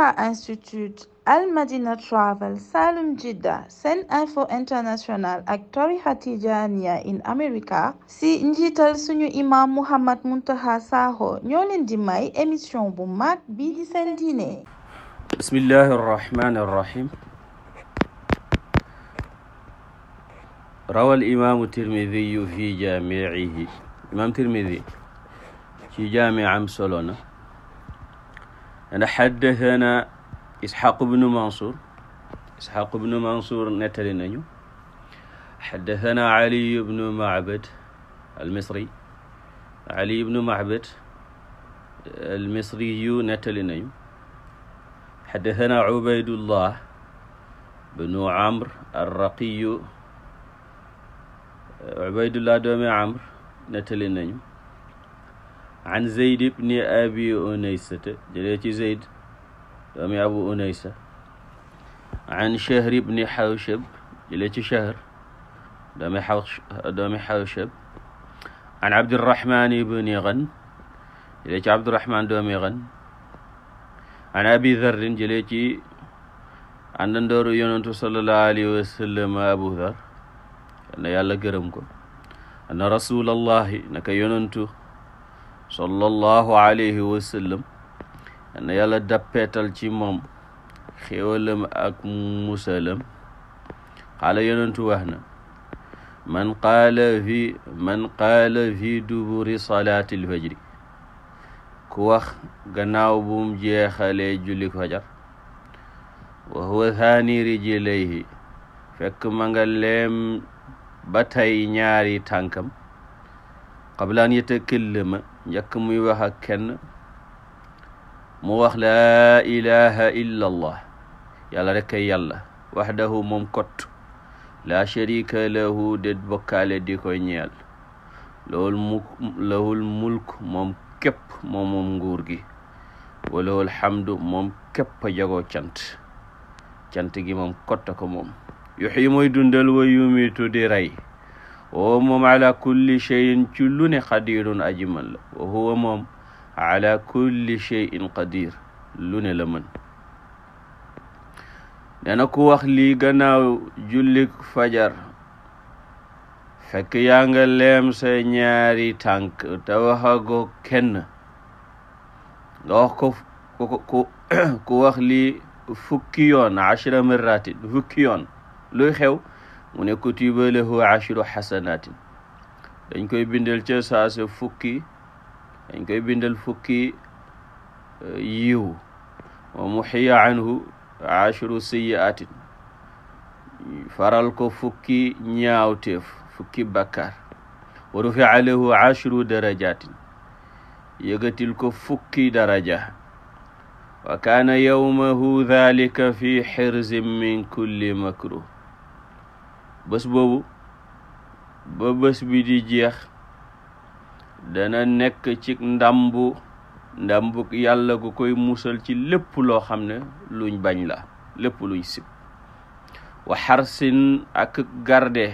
Alpha Institute Al Madina Travel Salum Jidda Sen Info International ak tarixa Tijaaniya in America si njiital suñu imam Muhammad Muntaha Sakho ñoo di may émission bu mag bii di seen diine bismillahi arrahmani arrahim rawa alimamu ana xaddahana isxaq bnu mansour isxaq bnu mansour nettali nañu xaddahana ali bnu macbad almisri ali bnu macbad almisriyu nettali nañu xaddahana ubaydullah bnu amr arraqiyu ubaydullah doomi amr nettali nañu an zeyd ibni abi unaysata jëlee ci zeyd doomi abu unaysa an chahr ibni xawshab jëlee ci chahr doomi xaw doomi xawshab an abdirahman ibni xan jëlee ci abdirahman doomi xan an abi darrin jëlee ci àndandooru yonentu sallallahu alayhi wa sallam abu dar na yàlla gërëm ko anna rasulallahi naka yonentu sallallahu alayhi wa sallam na yàlla dappeetal ci moom xéwalam ak musalam xaala yonentu wax na man qaala fi man qaala fi fajri ku wax gannaaw bum jeexalee julli fajar wa huwa thaani rijlayhi fekk ma nga leem ñaari tànkam qabla an yatakallama njëkk muy wax ak kenn mu wax laa ilaha illa allah yàlla rek ay yàlla moom kot laa sharika lahu déet bokkaale di ko ñeel lawul muk mulk moom képp moom moom nguur gi walahul moom képp jagoo cant cant gi moom kot a ko moom yuxyi mooy dundal wa yumitu di rey wa moom ala kulli cheyin ci lu ne xadirun aji moom ala kulli cheyin qadir lu ne la mën dana ku wax lii ganaaw jullik fajar fekk yaa nga leem sa ñaari tànk te waxagoo kenn nga wax ku wax lii fukki ashra maratin fukki yoon xew mu ne kutiba lahu ashiru xasanaatin dañ koy bindal ca saasa fukki dañ koy bindal fukki eh, yiw wa muxiya fukki ñaawteef fukki bakkaar lahu ashiru darajaatin yëgatil ko fukki daraja wa kaana bés boobu ba bés bi di jeex dana nekk ci ndàmbu ndàmbu yàlla gu koy musal ci lépp loo xam ne luñ bañ la lépp luñ sib wa xarsin ak garde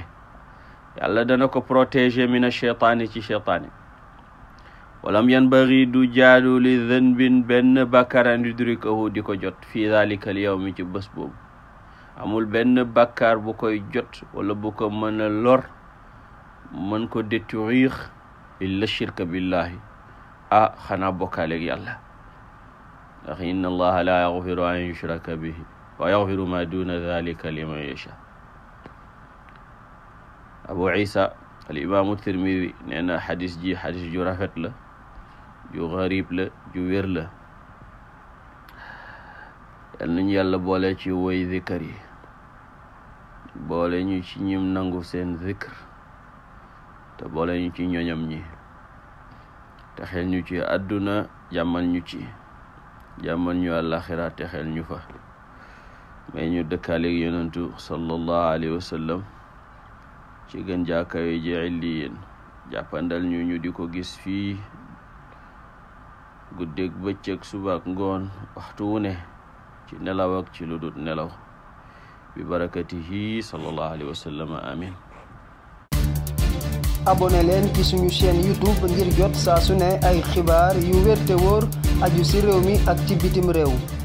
yàlla dana ko protéger mina cheytaani ci cheytaani walam yanbaghi du jaadu li dhanbin benn bàkkaaraan yudrikahu di ko jot fii dhalika al yawmi ci bés boobu amul benn bàkkaar bu koy jot wala bu ko mën a lor mën ko détruire illa shirka billahi ah xanaa bokkaaleeg yàlla ndax inna allaha la yaxfiru an yushraka bihi wa yaxfiru ma duna dalika liman yacha abu isa al imaamu tirmidi nee na xadis ji xadis ju rafet la ju garib la ju wér la yal nañu yàlla boole ci woy zikar yi boole ñu ci ñim nangu seen zikr te boole ñu ci ñoñam ñi texel ñu ci àdduna jàmmal ñu ci jàmmal ñu àllaaxira texel ñu fa may ñu dëkkaaleeg yonentu sallallahu alayhi wa ci gën jaakawe ji illiyin jàppandal ñu ñu di ko gis fii guddeeg bëccëg subaak ngoon waxtu wu ne ci nelawak ci lu dul nelaw bi barakatihi sallallahu alayhi wa sallam amin abonné leen ci suñu chaîne youtube ngir jot saa su ne ay xibaar yu wér wor wóor aju si réew mi ak ci bitim réew